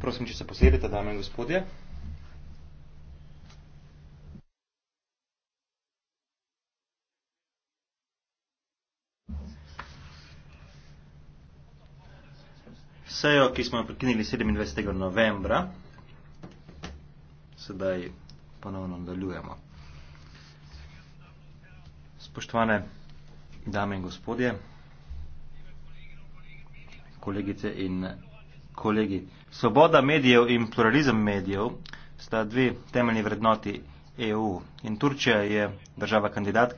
Prosim, če se posedete, dame in gospodje. Sejo, ki smo jo prekinili 27. novembra, sedaj ponovno nadaljujemo. Spoštovane dame in gospodje, kolegice in kolegi. Svoboda medijev in pluralizem medijev sta dve temeljni vrednoti EU. In Turčija je država kandidatka.